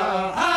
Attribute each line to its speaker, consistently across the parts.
Speaker 1: ha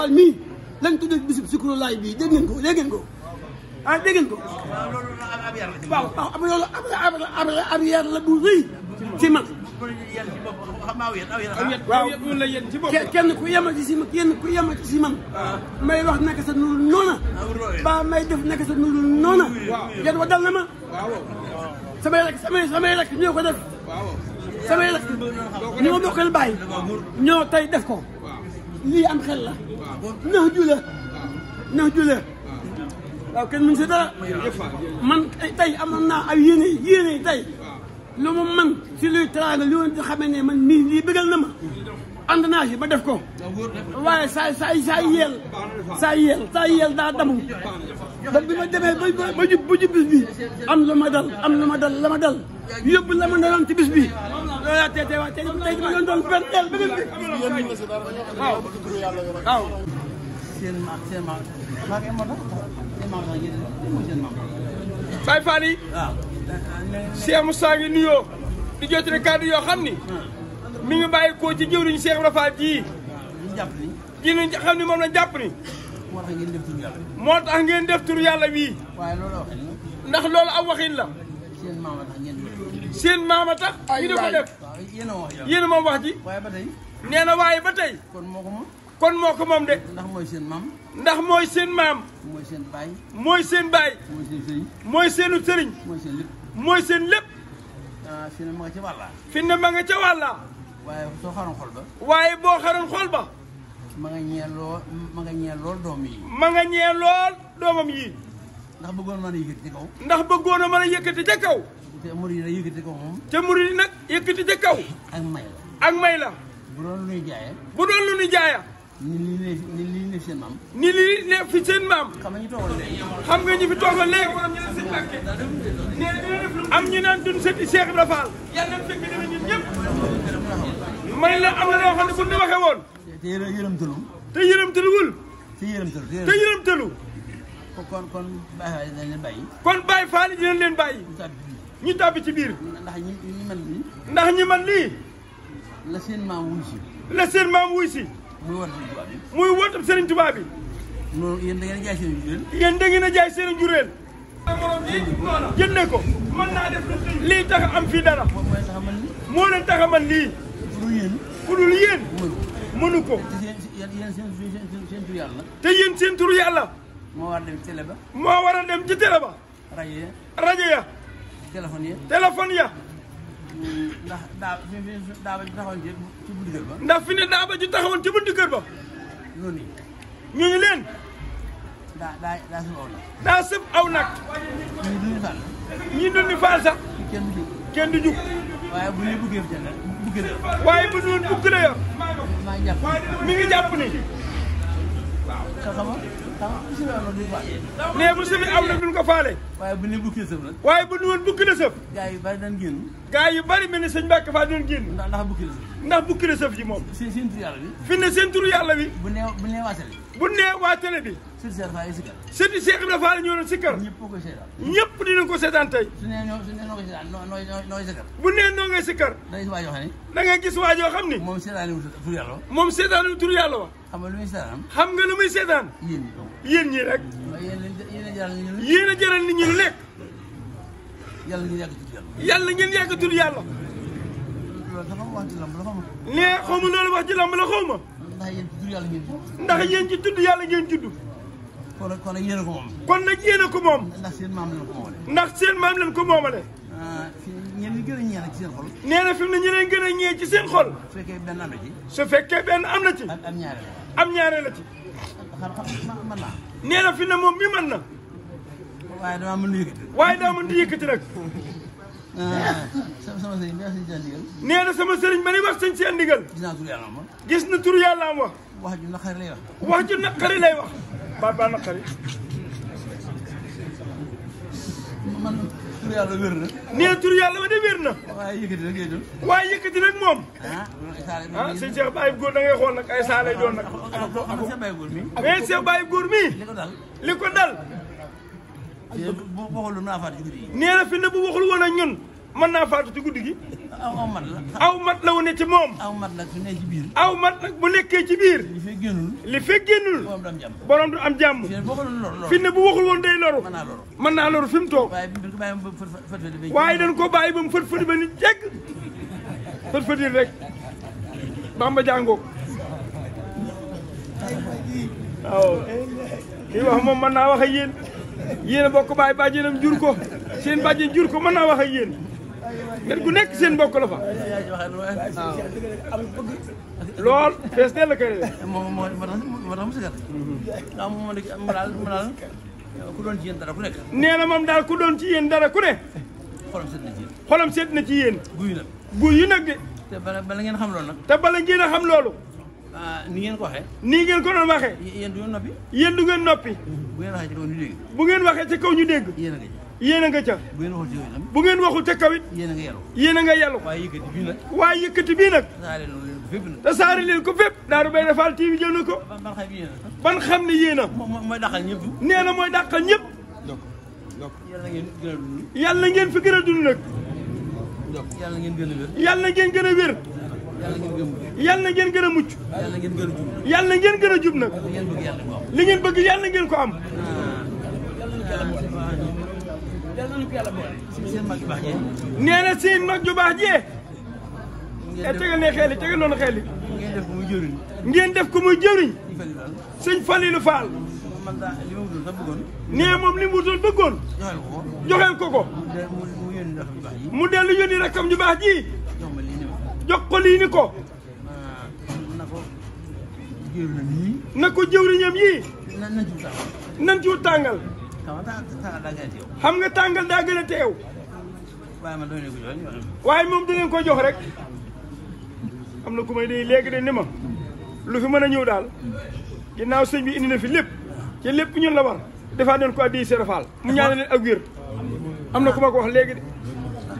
Speaker 1: Fall mii lañ tuddee bisub sikuru laay bii dégg ngeen ko dégg ngeen ko ah dégg ngeen ko. waaw waaw am loolu ab ab ab yar la bu rëy ci man. waaw kenn ku yemati si ma kenn ku yemati si man. may wax naka sa nuru noona. ba may def naka sa nuru noona. yan wa dal na ma. samay rek samay samay rek ñoo ko def. samay rek ñoo bokkal bàyyi. ñoo tey def ko. لي أم خلا له نهجله له لكن من سيدا من تاي أمنا أبيني يني يني تاي لو من سلو تراغ لو انت خبني من مي لي بغل نما عندنا شي ما دفكو واي ساي ساي ساي يل ساي يل ساي يل دا دمو دا بما دمي بجي بجي بجي بجي أم لما دل أم لما دل لما دل yóbbu la ma naroon ci bis bi loolu ah, laa tey tey waa tey jii ma doon doon perteel beneen bi. waaw waaw. seen ma seen ma maa ngi amoon seen maa ngi amoon seen maa. Faye Fadi. waaw. Cheikh Moussa ngi nuyoo. di jotali kàddu yoo xam ni. Ah. mi ngi bàyyi koo ci jëwriñ Cheikh Ibra Fall ji. ji ñu xam ni moom la jàpp ni. moo tax ngeen def tur yàlla. moo tax ngeen def tur yàlla wii. waaye loolu waxin la. ndax loolu am waxin la. seen maam la tax ngeen seen a tax. ñu di ko def yéen a moom wax ji. waaye ba tey. nee na waaye ba tey. kon moo ko moom. kon moo ko moom de. ndax mooy seen maam. ndax mooy seen maam. mooy seen baay. mooy seen baay. mooy seen sëriñ. mooy seenu sëriñ. mooy seen lépp. mooy seen lépp. Ah, fi ne ma nga ca wàlla fi ne ma nga ca wàllaa. waaye soo xaroon xol ba. waaye boo xaroon xol ba. ma nga ñee lool ma nga ñee lool doom yi. ma nga ñee lool doomam yi. ndax bëggoon mën a yëkkati kaw. ndax bëggoon a mën a yëkkati ca kaw. te murid yi na yëkkati ko moom. te yi nag yëkkati ca kaw. ak may la ak may la. bu doon lu ñuy jaayee. bu doon lu ñuy jaayee. ni lii ne lii seen maam. ni lii ne fi seen maam. xam nga ñu fi toogal léegi. am ñu naan sëñ Mbàkke. am ñu naan dun
Speaker 2: may la am na loo xam
Speaker 1: ne bu ñu waxee woon. te yërëmtalu. te yërëmtaluwul. te yërëmtalu te kon kon Baye Fall dina leen ñu tàbbi ci biir. ndax ñi man lii. ndax ñi man lii. la seen maam wuy si. la seen maam wuy si. muy woote Serigne seen jureel. yéen da ngeen a jaay seen jureel. jëndee ko. lii tax am fii dara. moo leen tax a man lii. ku ko. te yéen seen tur yàlla. moo war a dem ci télé ba. moo war dem ci télé ba. rajo ya. téléphone ya téléphone ya ndax daa daaba ji taxawoon ci buntu kër ba ndax fi ne daaba ji taxawoon ci buntu kër ba noonu ñu ñu leen daa daa daa sëb aw nag daa sëb aw nag ñii duñu faal ñii duñu faal sax kenn du jug kenn du jug waaye bu ñu buggee fi buggee la waaye bu ñu buggee la mi nee bu sëfi am na duñ ko faale. waaye bu ne bukki na sëf nag. waaye bu nu woon bukki na sëf. gaa yu bari daan génn. gaa yu bari mel ni sëñ Mbàkke Faal doon génn. ndax ndax bukki na sëf. ndax bukki na sëf ji moom. seen seen tur yàlla bi. fi ne seen tur yàlla bi. bu nee bu nee waatale. bu nee waatale bi. sëñ Cheikh Fall si kër. sëñ Cheikh Ibrahima Fall ñëw na si kër. ñëpp ko seetaan. ñëpp dinañ ko seetaan tey. su nee noo su nee noo koy seetaan noo nooy nooy si kër. bu nee noo ngay si kër. da ngay gis waajoo xam ni. da ngay gis waajoo xam ni. moom seetaanu wu tur yàlla wa. moom seetaanu wu tur yàlla wa. xam nga lu muy seetaan. xam nga lu muy seetaan. yéen ñi donc yéen ñi rek. yéen a jaral nit ñi lu nekk. yàlla ngeen yàgg tur yàlla. yàlla ngeen yàgg tur yàlla. dafa wax ci lamb la xaw ma. nee xaw ma loolu wax ci lamb la xaw ma. ndax yéen ci tur yàlla ngeen judd. ndax yéen ci tudd yàlla ngeen judd kon kon nag yéen a ko moom. kon nag yéen a ko moom. ndax seen maam lañ ko moomale. ndax seen maam lañ ko moomale. ñeneen ñi gën a ñee nag ci seen xol. nee na fi mu ne ñeneen gën a ñee ci seen xol. su fekkee benn am na ci. su fekkee benn am na ci. am ñaare la am ñaare la ci. xam mën naa. nee na fi ne moom mi mën na. waaye damaa mën di yëkkati. waaye daa mën di yëkkati nag. sama sama sëriñ bi wax sëñ seen ndigal. nee na sama sëriñ ba ni wax sëñ seen ndigal. gis naa tur yàlla am wax. gis na tur yàlla am wax. wax ju naqari lay wax. wax ju naqari lay wax. ba ba naqari. man tur yàlla wér na. nee tur yàlla ba de wér na. waaye yëkkati rek ngay jël. waaye yëkkati rek moom. ah, ah sëñ Cheikh Baye góor da ngay xool nag ay saa lay doon nag. mais góor mii. Eh, li ko dal li bu waxul woon na fi ne mën naa faatu ci guddi gi. aw mat la. aw mat la wu ne ci moom. aw mat nag bu nekkee ci biir. aw mat nag bu nekkee ci biir. li fekk génnul. li fekk génnul. borom du am jàmm. fi ne bu waxul woon day loru. mën naa loru mën naa loru fi mu toog. waaye dañ ko bàyyi ba mu fët fët ba ni jekk fët rek bamba jàngoo. kii wax moom mën naa wax ak yéen yéen a bokk bàyyi bàjjenam jur ko seen bàjjen jur ko mën naa wax ak yéen. ngeen ku nekk seen mbokk la fa lool fees dell kay moom moo moo tax moo tax mu sigal ndax moom moo nekk ku doon ci yéen dara ku nekk nee na moom ku doon ci yéen dara ku ne xolam seet na ci yéen xolam na ci de te bala ngeen xam te bala ngeen xam loolu ah, ni ngeen ko waxee nii ngeen ko doon waxee yéen du ngeen noppi yéen du ngeen noppi bu ngeen waxee ci kaw ñu bu ngeen ci kaw ñu yéen a nga ca bu ngeen waxul ci bu ngeen waxul ca kawit yéen a nga yelu yéen a nga yelu waaye yëkkati bii nag waaye yëkkati bii nag te leen ko fépp daaru bay defal TV jël na ko ban xam ne yéen a mooy dàqal ñëpp nee na mooy dàqal ñëpp yàlla ngeen fi gën a dund nag yàlla ngeen gën a wér yàlla ngeen gën yàlla ngeen gën a mucc yàlla ngeen gën a jub yàlla ngeen gën a jub nag li ngeen bëgg yàlla ngeen ko am nee na seen mag ju baax jee. te ne xel yi noonu xel ngeen def ko muy jëriñ. ngeen def ko nee moom li mu wutoon bëggoon. joxeel ko ko. mu dellu yónni rakkam ju baax ji. jox ko lii ko. na ko jëwriñam yii. nan ci tàngal. xam nga tàngal daa gën a waaye moom dinañ ko jox rek. am na ku may day léegi de ni ma lu fi mën a ñëw daal ginnaaw sëñ bi indi na fi lépp te lépp ñun la war defaa nañ ko addi Seex Faal mu ñaanal leen ak wér na ku ma léegi de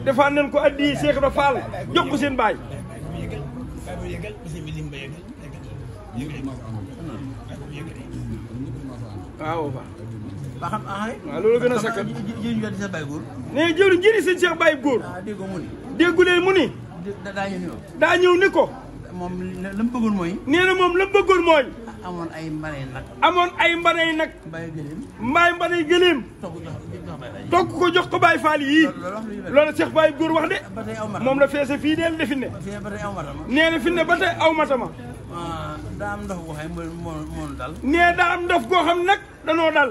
Speaker 1: defaa ko addi Seex Faal jox ko seen baay waaw ba xam ah rek. Eh. waaw loolu gën a sakkan xam naa jëriñ jëriñ seex bàyyi góor. nee jëriñ ah, mu ni. déggulee daa ñëw ni ko. daa ñëw ni ko. moom la mu bëggoon mooy. nee na moom la mu bëggoon mooy. Ah, amoon ay mbanay nag. amoon ay mbanay nag. mbaay gëleem. mbaay mbanay gëleem. togg ko jox ko baay Fall yii. loolu Cheikh Baye Góor wax de. moom la feese fii deel defi ne. nee na fi ne ba tey aw matama. daa am ndox goo xam ne nee daa am ndox goo xam nag danoo dal.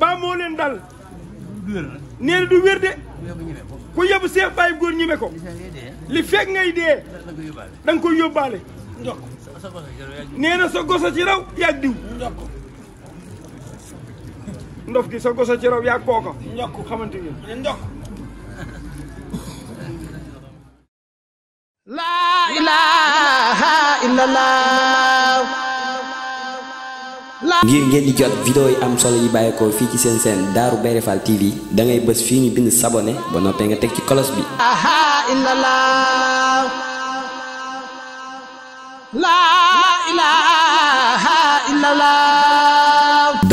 Speaker 1: baa moo leen dal. dal. du wér nag. nee na du wér de. ku yóbbu seef bàyyi góor ñeme ko. li fekk ngay dee. da koy yóbbaale. ndokk nee na sa gosa ci raw yaag diw. ndof gi sa gosa ci raw yaag kooka. ndokk xamante ngeen. ndokk.
Speaker 2: laa ilaaha
Speaker 1: illallaah ngir ngeen di jot vidéo yi am solo yi bàyyeekoo fii ci seen seen Darou Bairé Fall TV da bës fii ñu bind sabone ba noppee nga teg ci kolos bi.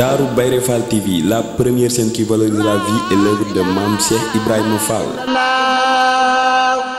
Speaker 1: Darou Bairé Fall TV la première chaîne qui valorise la vie et l'œuvre de Mame Cheikh Ibrahima